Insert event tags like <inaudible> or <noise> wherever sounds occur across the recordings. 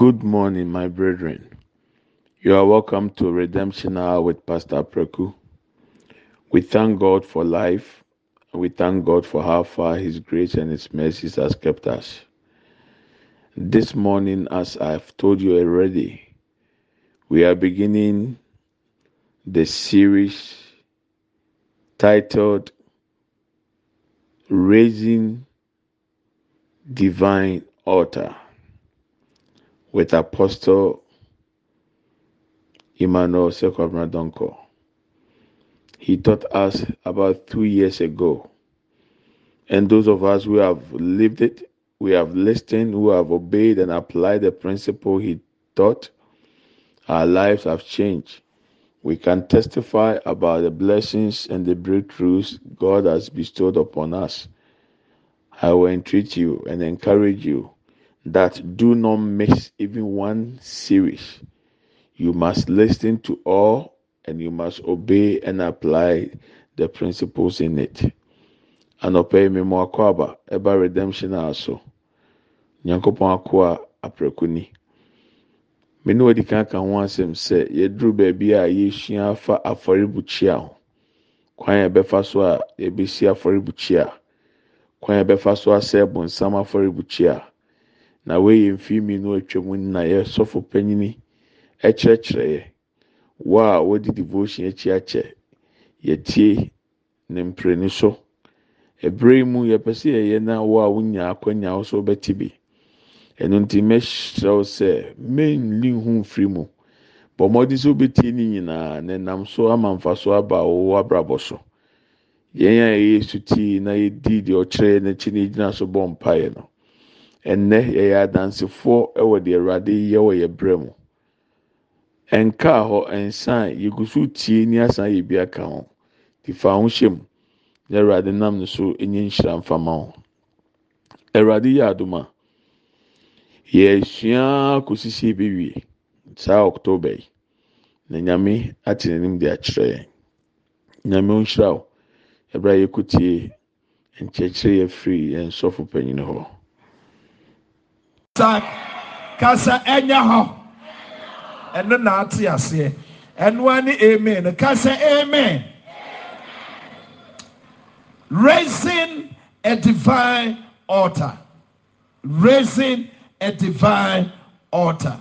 Good morning, my brethren. You are welcome to Redemption Hour with Pastor Preku. We thank God for life. We thank God for how far His grace and His mercies has kept us. This morning, as I've told you already, we are beginning the series titled Raising Divine Altar with Apostle Emmanuel Sekwamradonko. He taught us about two years ago. And those of us who have lived it, we have listened, who have obeyed and applied the principle he taught, our lives have changed. We can testify about the blessings and the breakthroughs God has bestowed upon us. I will entreat you and encourage you that do not miss even one series. You must listen to all and you must obey and apply the principles in it. And obey me akɔ eba ɛba redemption a so. Nyankopɔn akɔ a aprɛko ni. Mene wadi kan ka bebi asɛm sɛ yɛduru baabi a yɛsua Kwa afɔrebukyia ho. Kwan a yɛbɛfa so a yɛbɛsi afɔrebukyia. Kwan a na wei yɛ mfiri mmienu atwa mu na yɛsɔfo panyini kyerɛkyerɛ yɛ wɔ a wɔdi devotion akyi akyɛ yɛtie ne mprɛni so ebere yi mu yɛpɛ sɛ yɛyɛ na wɔ a wonya akɔnya ahosuo bɛte bi ɛno nti mɛhyerɛw sɛ mɛnli hu mfiri mu bɔ mmɔden sɛ wobɛtie ne nyinaa na nam so ama mfa so aba wɔwɔ abrabɔ so yɛn a yɛyɛ suti na yɛdi deɛ ɔkyerɛ n'akyi na yɛgyina so bɔ mpaeɛ no ɛnɛ yɛyɛ adansefoɔ ɛwɔ deɛ awurade yɛ wɔ yɛ brɛ mu ɛnkaa hɔ ɛnsan yɛgu so tie ne asan yɛ bi aka ho ti fa ho hyɛ na awurade nam no so ɛnyɛ nhyira mfama ho awurade yɛ adoma yɛsua kosisi ebewie saa october yi na nyame ate n'anim de akyerɛ yɛn nyame nhyira o ɛbɛrɛ yɛkɔ tie nkyɛkyerɛ yɛ firi yɛn sɔfo panyin hɔ. Sak, kasa ɛnya hɔ ɛno na ate aseɛ ɛnoa ne amen kasa amen raising a divine altar raising a divine altar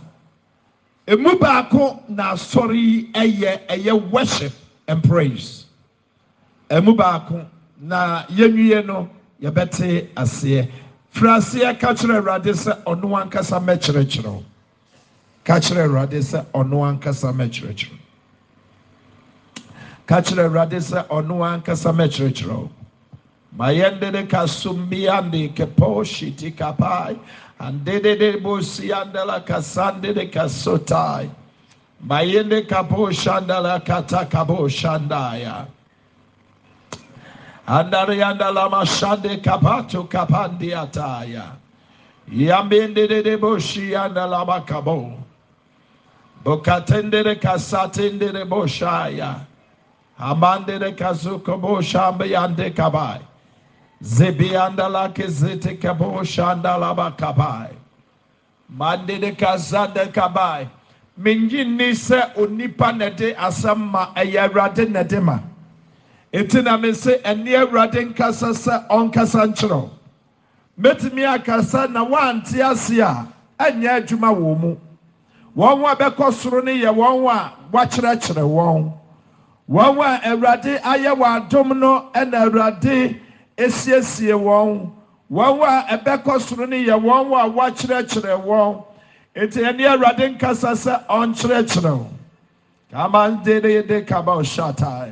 emu baako na asɔre yi ɛyɛ ɛyɛ worship and praise emu baako na yɛnwie no yɛbɛte aseɛ. frisiɛ ka kyrɛ rade sɛ ɔnoakasaɛkyeɛkyerɛ kɛka kyerɛ wrade sɛ ɔnoankasamɛkyerɛkyerɛ mayɛnde de kaso miande kepɔ siti kapai andedede bo sia ndala kasande de kaso ta mayɛnde kabɔoshandala kata kabɔɔshandaaya Andarianda lama shande kapato kapandi ataya. Yambende de de boshi anda lama kabu Bokatende de kasatende de boshaya. Amande de kazuko boshambe yande kabai. Zebi anda la kezete kabo shanda lama kabai. Mande de kazade kabai. Mingi nise unipa nede asama ayarade nedema. eti na me se ɛne awurade nkasa sɛ ɔnkasa nkyerɛ mɛtumi akasa na wante ase a ɛnyɛ adwuma wɔ mu wɔn a bɛkɔ soro no yɛ wɔn a wakyerɛkyerɛ wɔn wɔn a awurade ayɛ wɔn adom no ɛna awurade esiesie wɔn wɔn a ɛbɛkɔ soro no yɛ wɔn a wakyerɛkyerɛ wɔn eti ɛne awurade nkasa sɛ ɔnkyerɛkyerɛ kama de de de kaba ɔhyɛ ataae.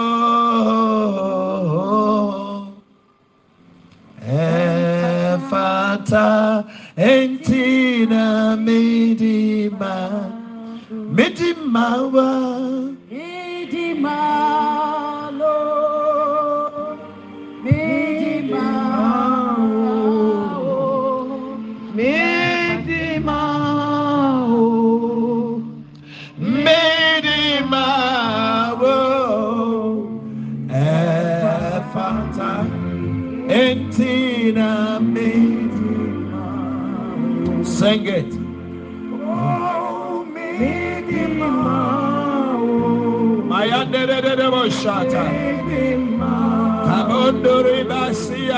Santa entina midima midimawa midimalo midimawo midimawo midimawo efata entina Sing it. Mayanderebashata. Kabondori basi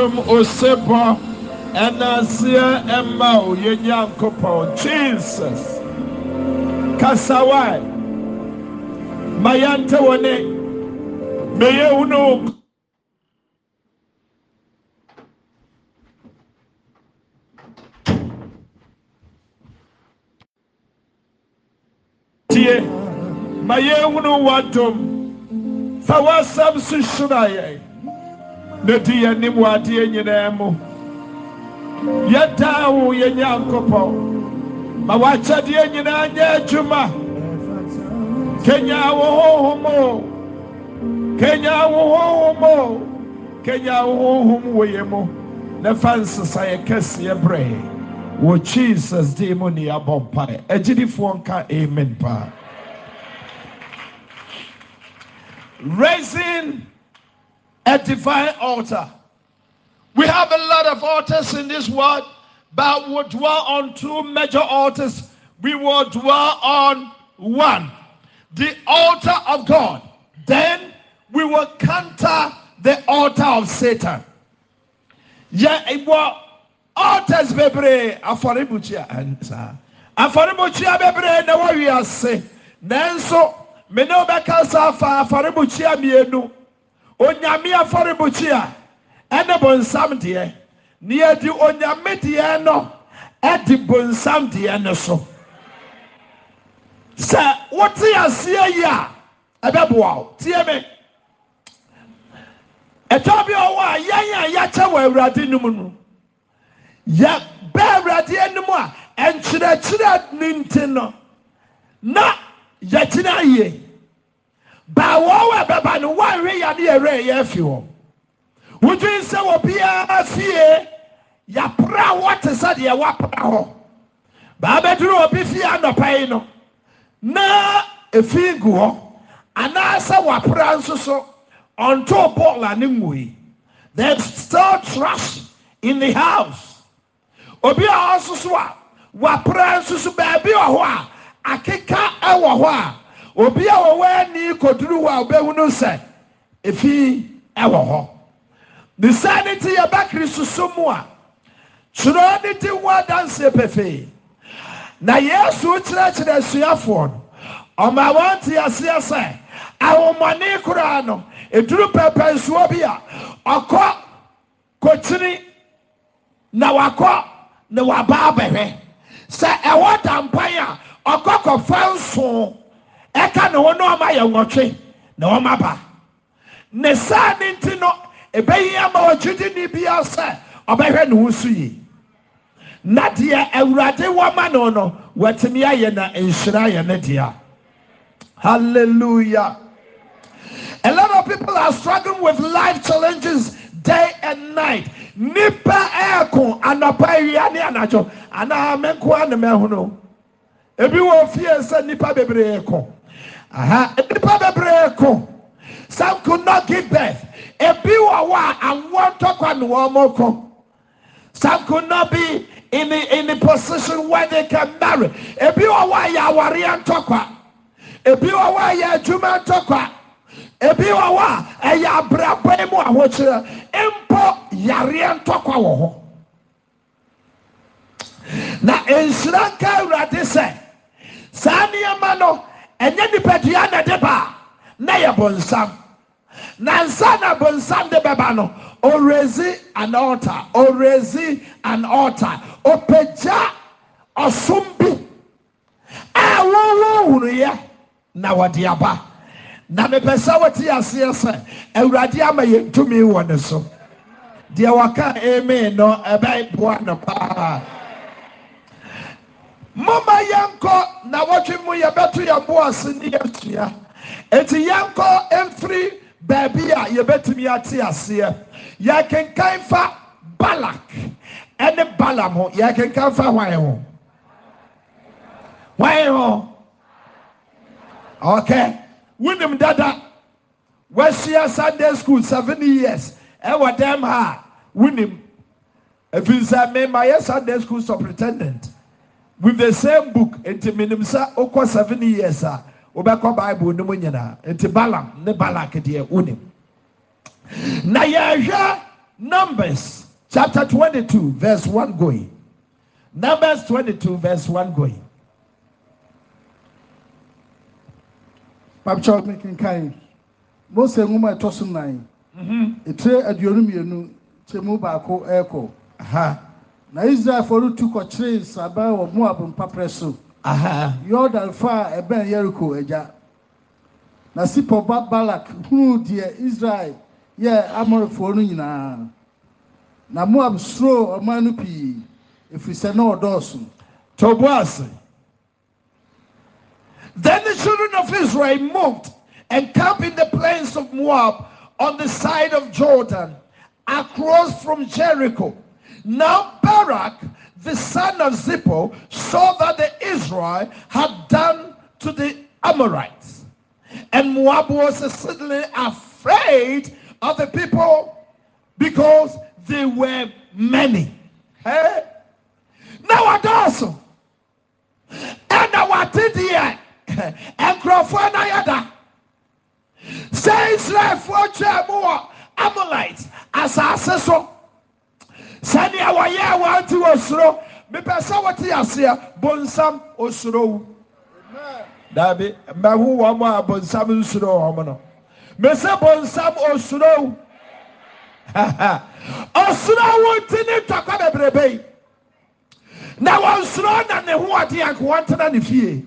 om osebɔ ɛnaseɛ ɛmawo ye nyankopɔn tesus kasawae ma yɛnte wonen ma yewunu ktie ma yɛwunu wɔdom fa wɔasɛm sohyerayɛn na di yɛ anim wɔ adeɛ nyinaa mo yɛdaa wo yɛ nyankopɔn ma wɔakyɛdeɛ nyinaa nyɛ adwuma kanya wo honhom o kenya wo honhom o kenya wo honhom wɔ ye mu na fa nsesayɛ kɛseɛ berɛɛ wɔ kyisɛs dee mu neyɛ abɔ mparɛ agyidifoɔ nka amen paa a divine altar. We have a lot of altars in this world, but we dwell on two major altars. We will dwell on one, the altar of God. Then we will counter the altar of Satan. Yeah, it was altars bebree afɔrebukyia nsa eh, afɔrebukyia bebre na wɔwi ase nanso mene wobɛka sa afa afɔrebukyia mienu. onyame afɔrebukyi ɛne bonsam deɛ ne yɛdi onyame deɛ no ɛdi bonsam deɛ no so sɛ wote aseɛ yi a ɛbɛboa wo tie me ɛtwa bi ɔwɔ a yɛn a yɛakyɛ wɔ awurade no mu no yɛ bɛ awurade anim a nkyerɛkyerɛ ne nti no na yɛkyerɛ yie baa wɔn a bɛba no wɔnwe yadeɛ ɛrɛ yɛ afi hɔ wotwi nsɛ wɔ biara fie yapra wɔ te sɛ deɛ wapra hɔ baa bɛduru obi fie anɔpa yi no na efi gu hɔ anaasɛ wapra nso so ɔnto bɔɔla ne nwui there is still trash in the house obi a ɔsoso a wapra nso so baabi wɔ hɔ a akeka obi a wɔwɔ ani koduru wɔ a ɔbɛhu no sɛ efi ɛwɔ hɔ ne saa ne ti yɛ bakiri soso mu a twerɛ ne ti wɔ adanseɛ pɛfɛɛ na yesu kyerɛkyerɛ asuafoɔ no ɔma wɔn te aseɛ sɛ ahomɔne koraa no eduru pɛpɛnsoɔ bi a ɔkɔ kokyini na wakɔ na waba abɛhwɛ sɛ ɛwɔ dampan a ɔkɔ kɔfa nson. ɛka ne ho na ɔma yɛ nwɔtwe na ɔma ba ne saa ne nti no ɛbɛyi ama ɔgyidi ne bia sɛ ɔbɛhwɛ ne ho so yi na deɛ awurade wɔma no no wɔatumi ayɛ na nhyira yɛ ne deɛ hallelujah a lot of people are struggling with life challenges day and night nipa ɛɛko anapa awia ne anadwo anaa me nko a ne mɛho no ebi wɔ fie sɛ nipa bebree ko aha nipa bebree ko some could not give birth ebi wɔ wa a awoɔ ntɔkwa ne wɔn ko some could not be in the in the position where they can marry ebi a yɛ awareɛ ntɔkwa ebi wɔ hɔ a yɛ adwuma ntɔkwa ebi wɔ hɔ a ɛyɛ abrabɔ mu ahokyerɛ mpo yareɛ In wɔ hɔ na nhyira nka awurade sɛ saa nneɛma no. ɛnyɛ nipadua na de ba a na yɛ bonsam nansa na bonsam de bɛba no owurezi an ɔlta owurɛzi an ɔlta opegya ɔsom bi a wɔnwɔnwonueɛ na wɔde aba na mepɛ sɛ wotiaseɛ sɛ awurade ama yɛnntumi wɔ ne so deɛ wɔkaa ɛme no ɛbɛy boa no paa moma yɛnkɔ na wɔtwe mu yɛbɛto yɛboɔse ne yɛsua nti yɛnkɔ mfiri baabi a yɛbɛtumi ɛ ate aseɛ yɛkenkan fa balak ɛne balam ho yɛkenkan fa hwan ho hwan ho k wonim dada wɔasua sunday school sen0 years ɛwɔ dam ha a wonim afiii sɛ mema yɛ sunday school supprintendent with the same book nti menim sɛ wokɔ seven years a wobɛkɔ bible no mu nyinaa nti balam ne balak deɛ wonim na yɛhwɛ numbers chapter 22 verse 1 going numbers 22 verse 1 going papkyɛ mekenkan mose nwoma ɛtɔ so nan ɛtire mhm. aduonu mmienu kyɛmu baako ɛrekɔ na israelfoɔ no tu kɔkyeree saban wɔ moab mpaprɛ so yordan fa a ɛbɛn yeriko agya na sipɔ ba balak huu deɛ israel yɛ amorifoɔ no nyinaa na moab suro ɔman no pii ɛfiri sɛ na ɔdɔɔso toboase then the children of israel moved and camped in the plains of moab on the side of jordan across from jericho now Barak, the son of Zippo, saw that the Israel had done to the Amorites. And Moab was suddenly afraid of the people because they were many. Hey? Now I also. And did here? <laughs> And Crawford yada. Say Israel for Amulites. As I said so. Sani sɛdeɛ wɔyɛ wɔnte wɔ soro mepɛ sɛ wɔte aseɛ bonsam osoro wo daabi mɛhu wɔn a bonsam nsoro wɔn no mɛsɛ bonsam osoro <laughs> wo osoro wo ti ni ntɔkwa bebrebe yi na wɔn soro na ne ho ɔde anko wɔn tena ne fie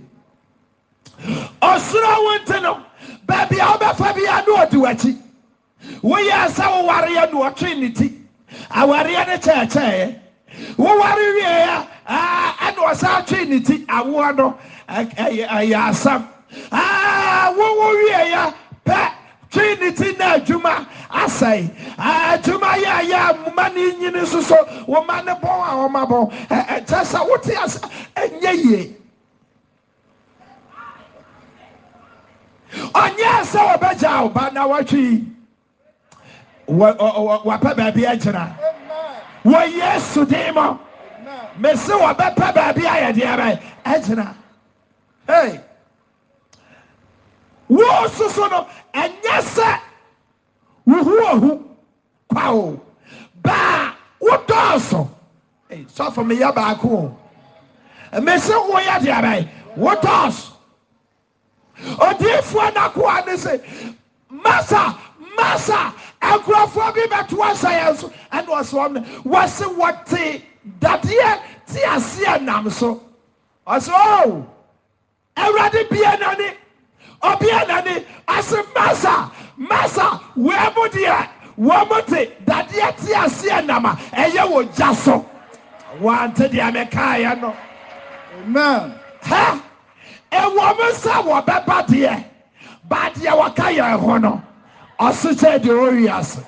osoro ti no baabi a wɔbɛfa bi a no ɔdi wɔn akyi woyɛ sɛ wɔware yɛ no ɔtwe ne ti. awareɛ ne kyɛɛkyɛeeɛ woware wieɛ ɛnɛ ɔsaa twee ne ti awoa no ɛyɛ asɛm wowo wieeɛ pɛ twee ne ti na adwuma asɛe aadwuma yɛ yɛa moma ne nyini so so woma ne bɔn a wɔmabɔn ɛkyɛ sɛ woteas ɛnyɛ yie ɔnyɛɛ sɛ wɔbɛgya wo ba na wɔtwei wɔpɛ baabi kyina wɔ yesu den mɔ mese wɔbɛpɛ baabi ayɛ deɛbae ɛkyina i wo soso no ɛnyɛ sɛ wohowɔhu kwawoo baa wodɔɔsosɛfo meyɛ baako ɔ mese wo yɛ deɛbɛe wodɔɔ so odiifoɔ nakoa ne sɛ masa masa nkurɔfoɔ bi bɛto ahyɛ so ɛna ɔsoɔm wasi wɔsi that year te aseɛ nam so ɔsɛ o oh, awurade bie nani ɔbie nani a masa masa wɔn mu deɛ wɔn that te dadeɛ te aseɛ and you ɛyɛ just so wɔante deɛ mɛka amen hɛ ɛwɔ mu nsa wɔ bɛba deɛ baadeɛ wɔka yɛn ho no ɔsekyɛ deɛ ɔwi ase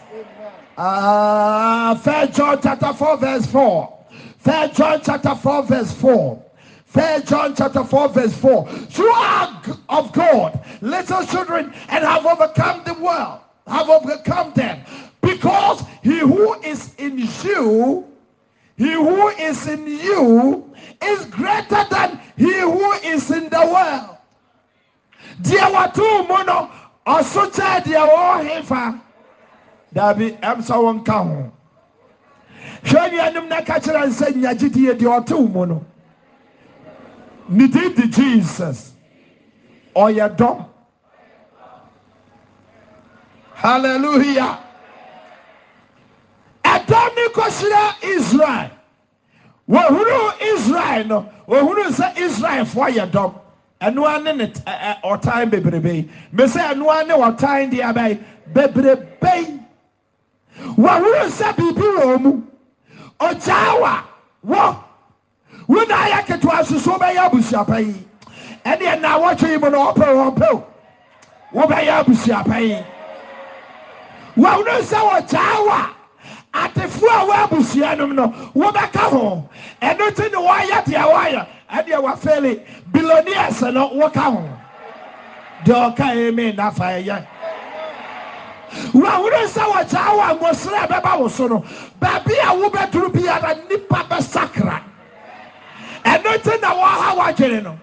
ah, First John chapter four verse four. four First John chapter four verse four. First John chapter 4, verse 4. You are of God, little children, and have overcome the world, have overcome them. Because he who is in you, he who is in you is greater than he who is in the world. Dear Watu Mono, ɔso kyɛɛ deɛ wɔɔhefa daabi ɛm sɛ wo nka kachira hwɛ nuanom na ka kyerɛ nsɛ nya gyidie deɛ ɔte wo mu no ne jesus ɔyɛ dɔm halleluya ɛdɔm ne kɔhyerɛ israel wɔhunu israel no wɔhunu sɛ israelfoɔ yɛ ɛnoa ne ne ɔtan eh, eh, bebrebe yi mesɛ ɛnoa ne ɔtan deɛ abɛyi bebrebe yi wɔhuru sɛ biribi wɔ mu ɔgyaa wa wo wona ayɛ ketewa soso bɛyɛ abusuapa yi ɛdeɛ na wɔtwe yi mu no ɔpɛ wɔn pɛw abusuapa yi wɔhuru sɛ ɔgyaa wa. atefoɔ a woabu sua nom no wobɛka hoho ɛno nti ne wɔyɛ dea woayɛ ɛdeɛ wafeli biloniasɛ no woka hoo deɛ ɔka ɛ mɛnna faɛyɛn wahono n sɛ wogyaa wɔ awusere bɛba wo so no baabi a wobɛduru biara nnipa bɛsakra ɛno nti na wɔha woagyene no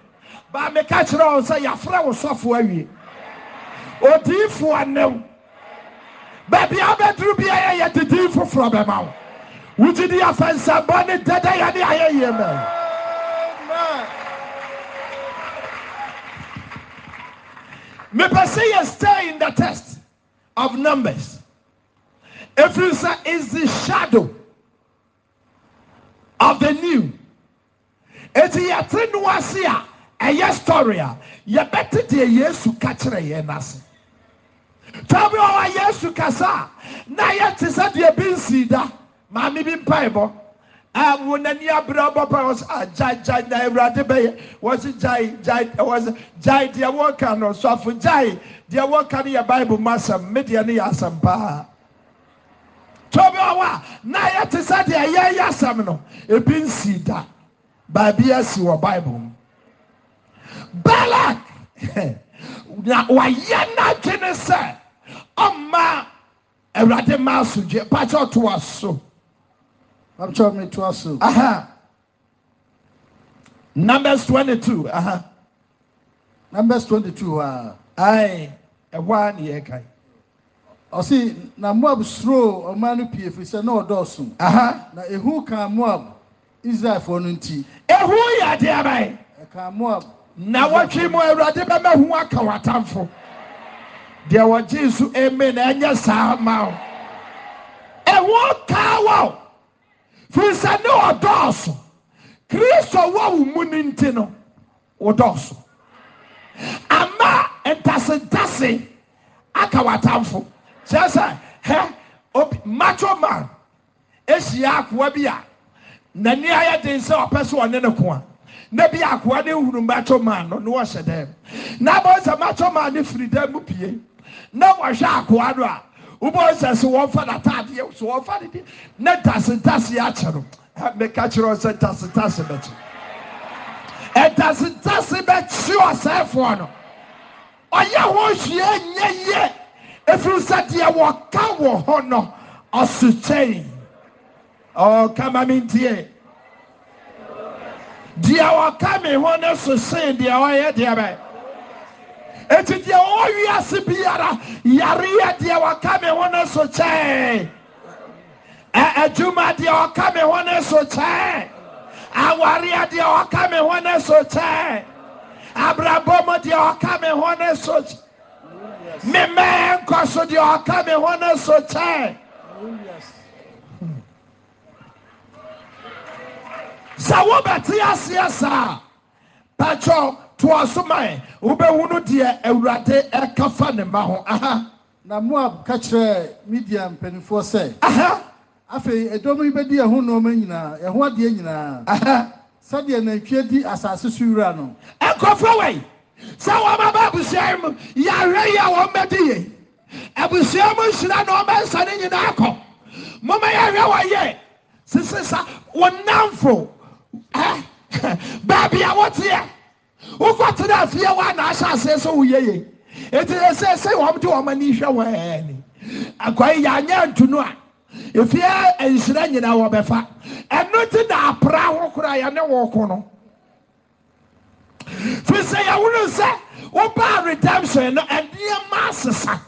baa meka kyerɛ ɔ sɛ yafrɛ wo sɔfoɔ awie odiyifoɔ ne Baby, I'm a baabi abɛduru bia yɛ from didi foforɔ bɛma wo wogye di afɛnsɛbɔ ne dɛdɛ yɛ ne ayɛyie mɛ mepɛ sɛ yɛ stay in the test of numbers Every sɛ is the shadow of the new It is yɛte no ase a yes story a better deɛ yes to catch yɛn n'ase tɔw bi wɔwɔ a yɛsu kasa a na yɛte sɛ deɛ bi nsi da maame bi mpae bɔ ɛwo naniabrɛwbɔpasaanaawurade ah, bɛyɛ wɔse yaeyae deɛ wɔka no sɔfo gyae deɛ wɔka no yɛ bible mu asɛm medeɛ no yɛ asɛm paa tɔ biwɔ wɔ a na yɛte sɛdeɛ ɛyɛyɛ asɛm no ɛbi nsii da baabi asi wɔ bible mu balak <laughs> na wɔayɛ natwe ne sɛ ɔmma awurade ma asodwe pakyɛ ɔtoa so mi me toa so aha numbers 22 aha numbers 22 a ae ɛhɔ a ne yɛkae ɔsi na moab suro ɔman no pie firi sɛ na aha na ehu kan moab israelfoɔ no nti ehu yɛ adeɛ abae ɛkan moab na wɔtwe mu awurade bɛma hu aka wɔ deɛ wɔgye so eme na ɛnyɛ saa ma wo ɛwɔ kaa wɔ firi sɛ ne ɔdɔɔso kristo wɔwo mu no nti no wodɔɔso amaa ntasentase aka w'atamfo kyɛɛ sɛ hɛ obi matwo ma ahyia akoa bi a nane a yɛ den sɛ ɔpɛ sɛ ɔne noko a na bi akoa ne hunu mato man no na wɔhyɛ daɛ na bɔhu sɛ matho maa ne firi dɛm mu pien ne wɔhwɛ akoa no a wobɔ sɛ sɛ wɔmfa datadeɛwsɔfa dedeɛ ne dasedase akyɛ no mɛka kyerɛ sɛ dasease bɛ dasedase bɛkye ɔsɛfoɔ no ɔyɛ hɔ hwa yɛ yɛ ɛfii sɛ deɛ wɔka wɔ hɔ no ɔsokyɛi ɔɔkamamentie deɛ ɔka me ho no sosen deɛ ɔyɛ deɛ mɛ ɛti deɛ ɔɔwiase biara yareɛ deɛ wɔka me ho ne so kyɛɛ adwuma e, e, deɛ ɔka me ho ne so kyɛɛ awareɛ deɛ ɔka me ho ne so kyɛɛ abrabɔm deɛ ɔka me ho ne soyɛ memɛɛ nkɔ so deɛ ɔka me ho ne so kyɛɛ sɛ wobɛteɛseɛ sɛa pɛkyɛ toa so man wobɛhu no deɛ awurade ɛka fa ne mma ho aha na moab ka kyerɛɛ media mpanimfoɔ sɛ aha afei ɛdɔm yi bɛdi ɛho nneɛma nyinaa ɛho adeɛ nyinaa aha sɛdeɛ nantwie di asase so wura no ɛkɔfo wei sɛ wɔbɛba abusua mu yɛahwɛ yi a wɔmmɛdi yei abusua mu nhyira na ɔbɛnsa ne nyinaa kɔ moma yɛhwɛ wɔ yɛ sisi sa wɔnamfo ɛ <laughs> baabi a wɔteɛ wokɔterɛ a afie wa a naahyɛ aseɛ sɛ woyɛyɛ nti ɛsɛ sɛ wɔm e wɔmanihwɛ wɔn ɛɛne akwaye yɛanyɛ ntonu a ɛfee nhyira nyinaa wɔbɛfa ɛno te na apra ho koraa yɛne wɔ ko no firi sɛ yɛworou sɛ wobaa redemption no ɛneɛ ma asesan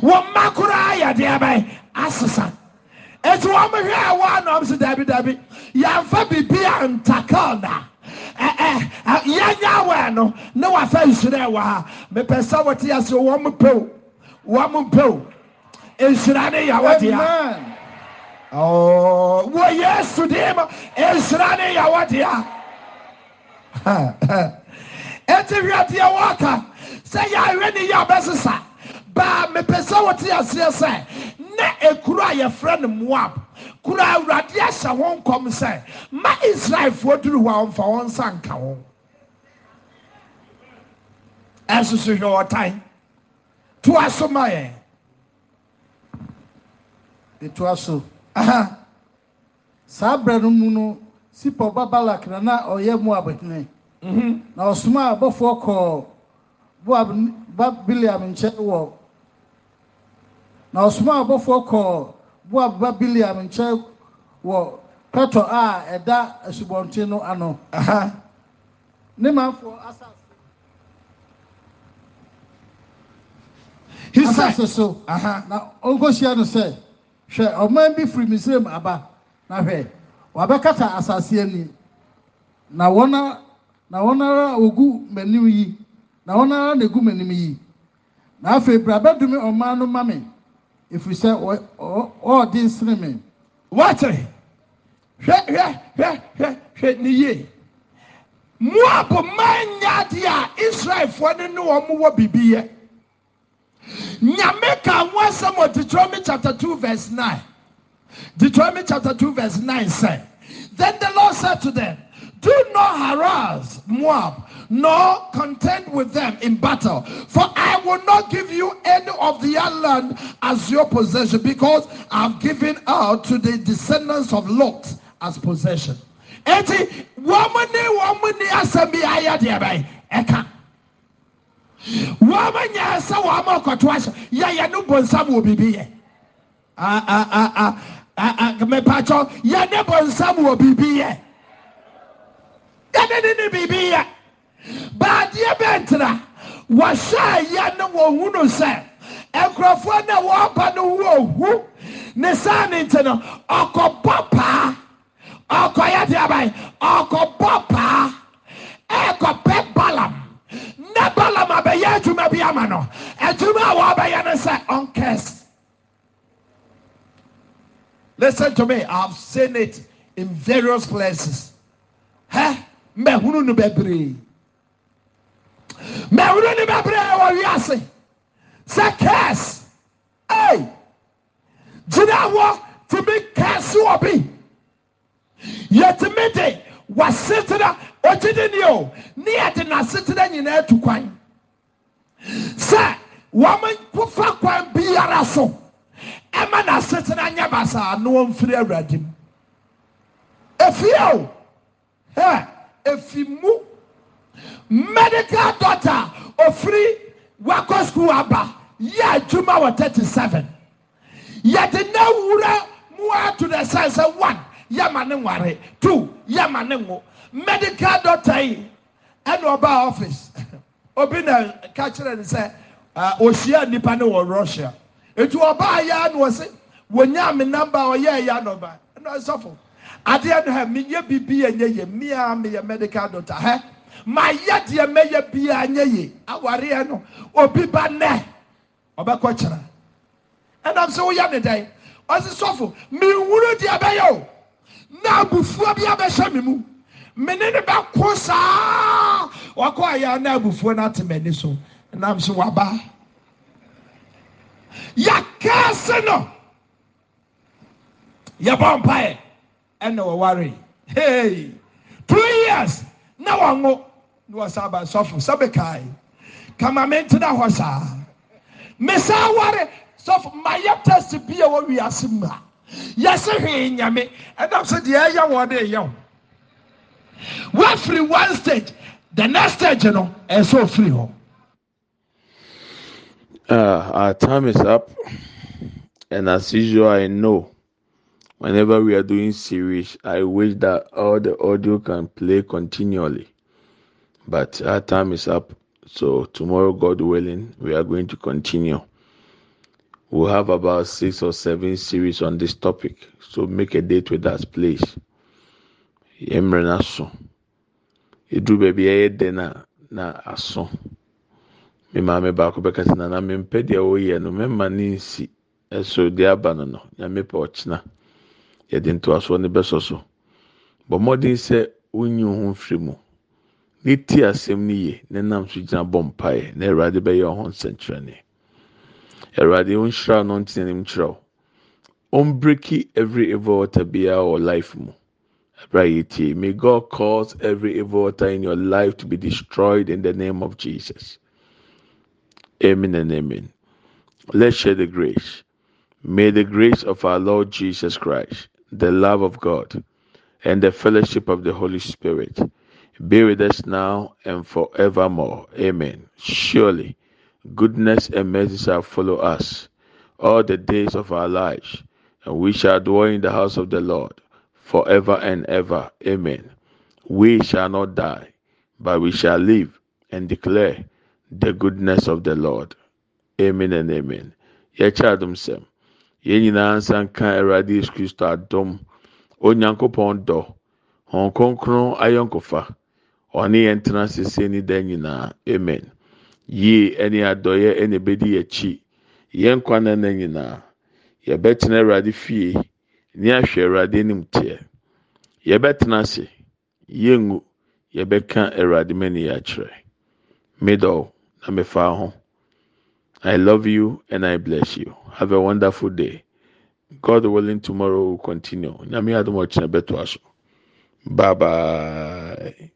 womma koraa yɛdeɛmɛ asesan nti wɔmehwɛa woanɔm se daabidabi yɛmfa birbi a ntakalna yɛnyɛ awɛn no ne wafa nhyira wɔ ha mepɛ sɛ wɔte ase wɔn mpew wɔn mpew nhyira ne yawɔ dea wɔ yesu dee mu nhyira ne yawɔ dea <laughs> eti hwɛ deɛ wɔɔka sɛ yɛahwɛ ne yɛ ɔbɛsesa baa mepɛ sɛ wɔte aseɛ sɛ Ne ekuro a yɛfrɛ no moab kuro a awurade ahyɛ wɔn nkɔm sɛ ma israelfoɔ duru hɔ a wɔmfa wɔn nsa nka wɔn ɛsoso hwɛ ɔtan toa so ma yɛn etoa so saa berɛ no mu no sipa ɔba balak na na ɔyɛ moab hene mhm. na ɔsomaa abɔfoɔ kɔɔ boab biliam nkyɛn wɔ na ọsoma abɔfoɔ kɔɔ boab ba biliam nkyɛn wọ pɛtɔ a ɛda asubɔnten no ano ne manfoɔ asase asase so na ɔnkɔhyia no sɛ hwɛ ɔman bi firi misrem aba na hwɛ wabɛkata asase ani na wɔn a na wɔn ara ogu m'anim yi na wɔn ara na egu m'anim yi na afei brabadumi ɔman no mame. efisɛ ɔɔdi nsiri mi. wɔtiri hwɛ hwɛ hwɛ hwɛ hwɛ ni yie moab man nyaade a israelfoɔ ne ne wɔn wɔ bibi yɛ nyame ka ho asɛm wɔ deuteronomy chapter two verse nine deuteronomy chapter two verse nine sɛ then the lord said to them. Do not harass Moab, nor contend with them in battle. For I will not give you any of the land as your possession, because I've given out to the descendants of Lot as possession. Eti, wamani wamani asambi ayadi abai eka. Wamani asa wama katuasha ya yanu bonsamu ubibiye. Ah ah ah ah ah ah. Mepatcho yane bonsamu ubibiye ɛne ne ne biribi yɛ baadeɛ bɛntena wɔhyɛ ɛyɛ ne wɔhu no sɛ nkurɔfoɔ na wɔreba no ho ohu ne saa ne nti no ɔkɔbɔ paa ɔkɔyɛ de aban ɔkɔbɔ paa ɛkɔpɛ balam ne balam abɛyɛ adwuma bi ama no adwuma a wɔbɛyɛ no sɛ ɔnkɛse Listen to me. I've seen it in various places. mahunu no bɛberee mahunu no bɛberee wɔwease sɛ kes e gyina hoɔ ti mi kɛse wɔ bi yɛtumi de wɔsetena ogye dinnieo ne yɛde n'asetena nyinaa tu kwan sɛ wɔm kofa kwan biara so ɛma n'asetena nyɛbasaa no ɔmfiri awurade m ɛfieo ɛ efimu medical daughter of free wakɔ sukuu aba yɛ adwuma wa thirty seven yɛde n'awura mu ato the sign sɛ one yɛ ma ne nware two yɛ ma ne medical daughter yi ɛna ɔbaa office obi na ka kyerɛ ne sɛ ohyia nipa ne wa russia etu ɔbaa yɛ ano ɔsi wonya mi namba ɔyɛ ɛyɛ ano ba ɛna ɔsɔfo. adeɛ no ha meyɛ bibia nyɛ yɛ meaa meyɛ mɛdi kadota hɛ mayɛ deɛ mɛyɛ bia nyɛ ye awareɛ no obi ba nɛ ɔbɛkɔ kyena ɛnam sɛ woyɛ ne dɛn ɔse sofo menwuro deɛ bɛyɛ o na abufuo bia abɛhyɛ me mu mene no bɛko saa ɔakɔ ayɛa na abufuo no ate m'ani so nam so wobaa yaka se no yɛbɔmpaeɛ ɛna wɔware hey two years na wɔnwo na wɔsa aba sɔfo sɛbi kae kama me ntena hɔ saa mesaa ware sɔfo mayɛ test bi a wɔ wiase mu a yɛsi hwee nyame ɛnam so deɛ ɛyɛ wɔn de yɛ wɔn wafiri one stage the next stage no ɛsɛ so hɔ. Uh, our time is up, and as usual, I know whenever we are doing series, I wish that all the audio can play continually. But our time is up. So tomorrow, God willing, we are going to continue. We'll have about six or seven series on this topic. So make a date with us, please. Yɛmmerɛ n'aso. Edu baabi ɛyɛ dɛ na aso. Me maame baako bɛkasa na na mpɛ deɛ ɔyɛ no, mɛma ne nsi ɛso de no nyame pɛ ɔkyena. yɛde ntoasoɔ no bɛsɔ so bɔ mmɔden sɛ wonyi wo ho mfiri mu ne ti asɛm no yie ne nam so gyina bɔ mpaeɛ na awurade bɛyɛ wo ho nsɛnkyerɛnne awurade wonhyira no ntenanim kyerɛ wo ɔmbreki every evil water biara wɔ life mu Right, may God cause every evil water in your life to be destroyed in the name of Jesus. Amen and amen. Let's share the grace. May the grace of our Lord Jesus Christ the love of God, and the fellowship of the Holy Spirit be with us now and forevermore. Amen. Surely, goodness and mercy shall follow us all the days of our lives, and we shall dwell in the house of the Lord forever and ever. Amen. We shall not die, but we shall live and declare the goodness of the Lord. Amen and amen. Yɛkyɛ adom yɛn nyinaa nsa nka awurade yesu kristo adom onyankopɔn dɔ hɔn kronkron ayɔnkofa ɔne yɛn tena sese ne da nyinaa amen yie ɛne adɔyɛ ɛna ebedi akyi yɛn kwan na na nyinaa yɛbɛtena awurade fie ne ahwɛ awurade anim teɛ yɛbɛtena ase yɛngu yɛbɛka awurade mani akyerɛ middle na mefa ho. I love you and I bless you. Have a wonderful day. God willing, tomorrow will continue. Bye bye.